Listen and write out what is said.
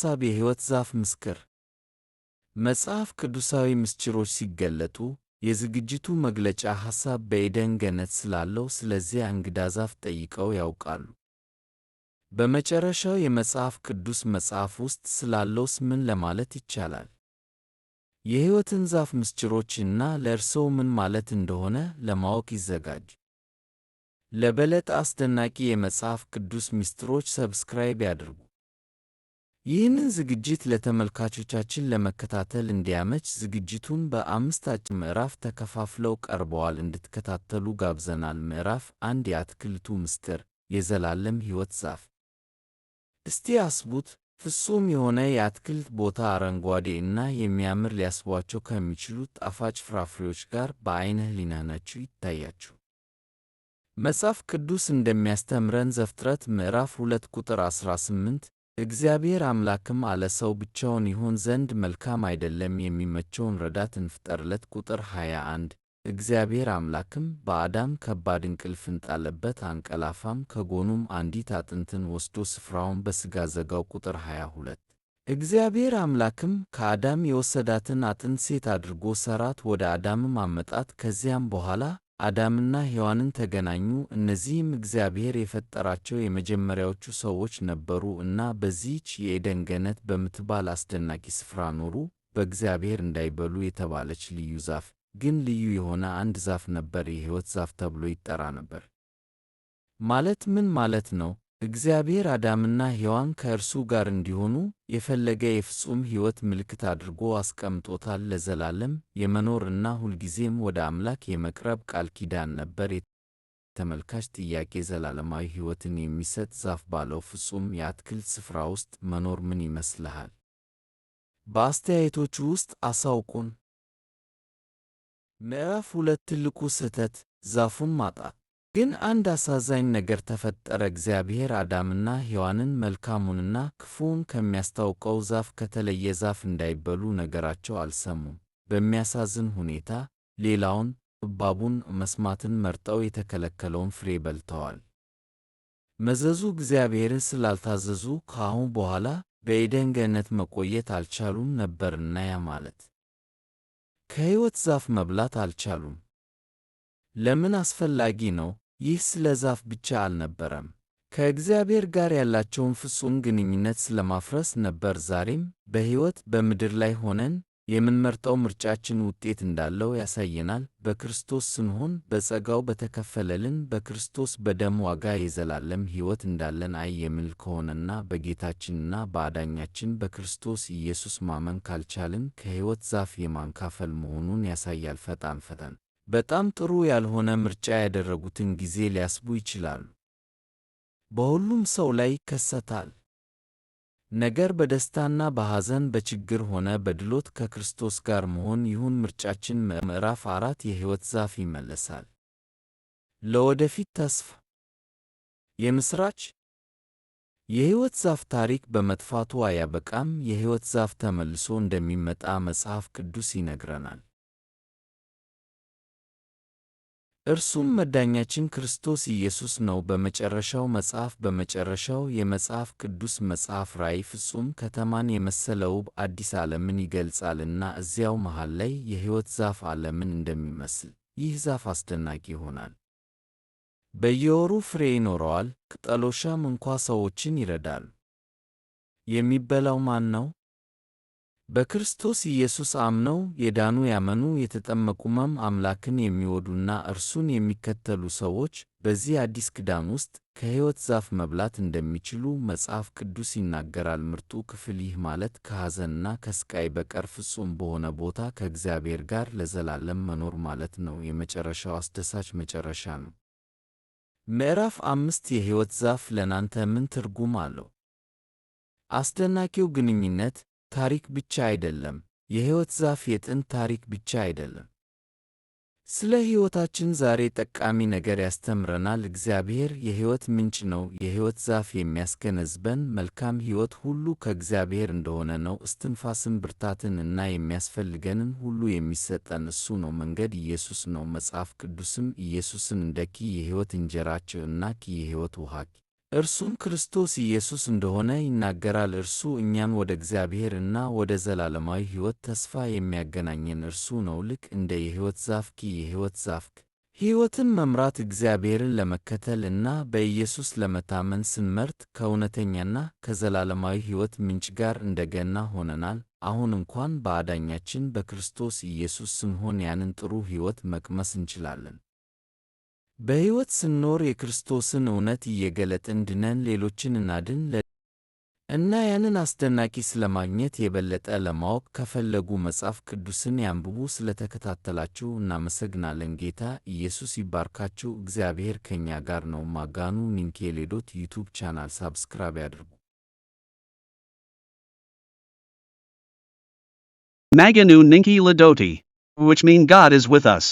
ሐሳብ የሕይወት ዛፍ ምስክር መጽሐፍ ቅዱሳዊ ምስጢሮች ሲገለጡ የዝግጅቱ መግለጫ ሐሳብ በኤደን ገነት ስላለው ስለዚያ እንግዳ ዛፍ ጠይቀው ያውቃሉ? በመጨረሻው የመጽሐፍ ቅዱስ መጽሐፍ ውስጥ ስላለውስ ምን ለማለት ይቻላል? የሕይወትን ዛፍ ምስጢሮች እና ለእርስዎ ምን ማለት እንደሆነ ለማወቅ ይዘጋጅ? ለበለጠ አስደናቂ የመጽሐፍ ቅዱስ ምስጢሮች ሰብስክራይብ ያድርጉ። ይህንን ዝግጅት ለተመልካቾቻችን ለመከታተል እንዲያመች ዝግጅቱን በአምስት አጭር ምዕራፍ ተከፋፍለው ቀርበዋል እንድትከታተሉ ጋብዘናል። ምዕራፍ አንድ የአትክልቱ ምስጢር፣ የዘላለም ሕይወት ዛፍ። እስቲ አስቡት፣ ፍጹም የሆነ የአትክልት ቦታ አረንጓዴ እና የሚያምር ሊያስቧቸው ከሚችሉ ጣፋጭ ፍራፍሬዎች ጋር በዓይነ ሕሊናችሁ ይታያችሁ። መጽሐፍ ቅዱስ እንደሚያስተምረን ዘፍጥረት ምዕራፍ 2 ቁጥር 18 እግዚአብሔር አምላክም አለ ሰው ብቻውን ይሆን ዘንድ መልካም አይደለም፣ የሚመቸውን ረዳት እንፍጠርለት። ቁጥር 21 እግዚአብሔር አምላክም በአዳም ከባድ እንቅልፍን ጣለበት፣ አንቀላፋም። ከጎኑም አንዲት አጥንትን ወስዶ ስፍራውን በሥጋ ዘጋው። ቁጥር 22 እግዚአብሔር አምላክም ከአዳም የወሰዳትን አጥንት ሴት አድርጎ ሠራት፣ ወደ አዳምም አመጣት። ከዚያም በኋላ አዳምና ሔዋንን ተገናኙ። እነዚህም እግዚአብሔር የፈጠራቸው የመጀመሪያዎቹ ሰዎች ነበሩ እና በዚህች የኤደን ገነት በምትባል አስደናቂ ስፍራ ኖሩ። በእግዚአብሔር እንዳይበሉ የተባለች ልዩ ዛፍ ግን ልዩ የሆነ አንድ ዛፍ ነበር፣ የሕይወት ዛፍ ተብሎ ይጠራ ነበር። ማለት ምን ማለት ነው? እግዚአብሔር አዳምና ሔዋን ከእርሱ ጋር እንዲሆኑ የፈለገ የፍጹም ሕይወት ምልክት አድርጎ አስቀምጦታል። ለዘላለም የመኖር እና ሁልጊዜም ወደ አምላክ የመቅረብ ቃል ኪዳን ነበር። ተመልካች ጥያቄ ዘላለማዊ ሕይወትን የሚሰጥ ዛፍ ባለው ፍጹም የአትክልት ስፍራ ውስጥ መኖር ምን ይመስልሃል? በአስተያየቶቹ ውስጥ አሳውቁን። ምዕራፍ ሁለት ትልቁ ስህተት ዛፉን ማጣት ግን አንድ አሳዛኝ ነገር ተፈጠረ። እግዚአብሔር አዳምና ሔዋንን መልካሙንና ክፉውን ከሚያስታውቀው ዛፍ ከተለየ ዛፍ እንዳይበሉ ነገራቸው አልሰሙም። በሚያሳዝን ሁኔታ ሌላውን እባቡን መስማትን መርጠው የተከለከለውን ፍሬ በልተዋል። መዘዙ እግዚአብሔርን ስላልታዘዙ ከአሁን በኋላ በኤደን ገነት መቆየት አልቻሉም ነበርና ያ ማለት ከሕይወት ዛፍ መብላት አልቻሉም። ለምን አስፈላጊ ነው? ይህ ስለ ዛፍ ብቻ አልነበረም። ከእግዚአብሔር ጋር ያላቸውን ፍጹም ግንኙነት ስለማፍረስ ነበር። ዛሬም በሕይወት በምድር ላይ ሆነን የምንመርጠው ምርጫችን ውጤት እንዳለው ያሳየናል። በክርስቶስ ስንሆን በጸጋው በተከፈለልን በክርስቶስ በደም ዋጋ የዘላለም ሕይወት እንዳለን አይ የሚል ከሆነና በጌታችንና በአዳኛችን በክርስቶስ ኢየሱስ ማመን ካልቻልን ከሕይወት ዛፍ የማንካፈል መሆኑን ያሳያል። ፈጣን ፈጠን በጣም ጥሩ ያልሆነ ምርጫ ያደረጉትን ጊዜ ሊያስቡ ይችላሉ። በሁሉም ሰው ላይ ይከሰታል። ነገር በደስታና በሐዘን በችግር ሆነ በድሎት ከክርስቶስ ጋር መሆን ይሁን ምርጫችን። ምዕራፍ አራት የሕይወት ዛፍ ይመለሳል። ለወደፊት ተስፋ የምሥራች። የሕይወት ዛፍ ታሪክ በመጥፋቱ አያበቃም። የሕይወት ዛፍ ተመልሶ እንደሚመጣ መጽሐፍ ቅዱስ ይነግረናል። እርሱም መዳኛችን ክርስቶስ ኢየሱስ ነው። በመጨረሻው መጽሐፍ በመጨረሻው የመጽሐፍ ቅዱስ መጽሐፍ ራእይ ፍጹም ከተማን የመሰለ ውብ አዲስ ዓለምን ይገልጻልና እዚያው መሃል ላይ የሕይወት ዛፍ ዓለምን እንደሚመስል ይህ ዛፍ አስደናቂ ይሆናል። በየወሩ ፍሬ ይኖረዋል፣ ቅጠሎሻም እንኳ ሰዎችን ይረዳል። የሚበላው ማን ነው? በክርስቶስ ኢየሱስ አምነው የዳኑ ያመኑ የተጠመቁማም አምላክን የሚወዱና እርሱን የሚከተሉ ሰዎች በዚህ አዲስ ኪዳን ውስጥ ከሕይወት ዛፍ መብላት እንደሚችሉ መጽሐፍ ቅዱስ ይናገራል። ምርጡ ክፍል ይህ ማለት ከሐዘንና ከሥቃይ በቀር ፍጹም በሆነ ቦታ ከእግዚአብሔር ጋር ለዘላለም መኖር ማለት ነው። የመጨረሻው አስደሳች መጨረሻ ነው። ምዕራፍ አምስት የሕይወት ዛፍ ለናንተ ምን ትርጉም አለው? አስደናቂው ግንኙነት ታሪክ ብቻ አይደለም። የሕይወት ዛፍ የጥንት ታሪክ ብቻ አይደለም። ስለ ሕይወታችን ዛሬ ጠቃሚ ነገር ያስተምረናል። እግዚአብሔር የሕይወት ምንጭ ነው። የሕይወት ዛፍ የሚያስገነዝበን መልካም ሕይወት ሁሉ ከእግዚአብሔር እንደሆነ ነው። እስትንፋስን፣ ብርታትን እና የሚያስፈልገንን ሁሉ የሚሰጠን እሱ ነው። መንገድ ኢየሱስ ነው። መጽሐፍ ቅዱስም ኢየሱስን እንደ ኪ የሕይወት እንጀራችን እና ኪ የሕይወት ውሃ እርሱም ክርስቶስ ኢየሱስ እንደሆነ ይናገራል። እርሱ እኛን ወደ እግዚአብሔር እና ወደ ዘላለማዊ ሕይወት ተስፋ የሚያገናኘን እርሱ ነው። ልክ እንደ የሕይወት ዛፍኪ የሕይወት ዛፍክ ሕይወትን መምራት እግዚአብሔርን ለመከተል እና በኢየሱስ ለመታመን ስንመርት ከእውነተኛና ከዘላለማዊ ሕይወት ምንጭ ጋር እንደገና ሆነናል። አሁን እንኳን በአዳኛችን በክርስቶስ ኢየሱስ ስንሆን ያንን ጥሩ ሕይወት መቅመስ እንችላለን። በሕይወት ስንኖር የክርስቶስን እውነት እየገለጥን ድነን ሌሎችን እናድን እና ያንን አስደናቂ ስለማግኘት የበለጠ ለማወቅ ከፈለጉ መጽሐፍ ቅዱስን ያንብቡ። ስለተከታተላችሁ እናመሰግናለን። ጌታ ኢየሱስ ይባርካችሁ። እግዚአብሔር ከእኛ ጋር ነው። ማጋኑ ኒንኬሌዶት ዩቱብ ቻናል ሳብስክራይብ ያድርጉ። Maganu Ninki Ladoti, which mean God is with us.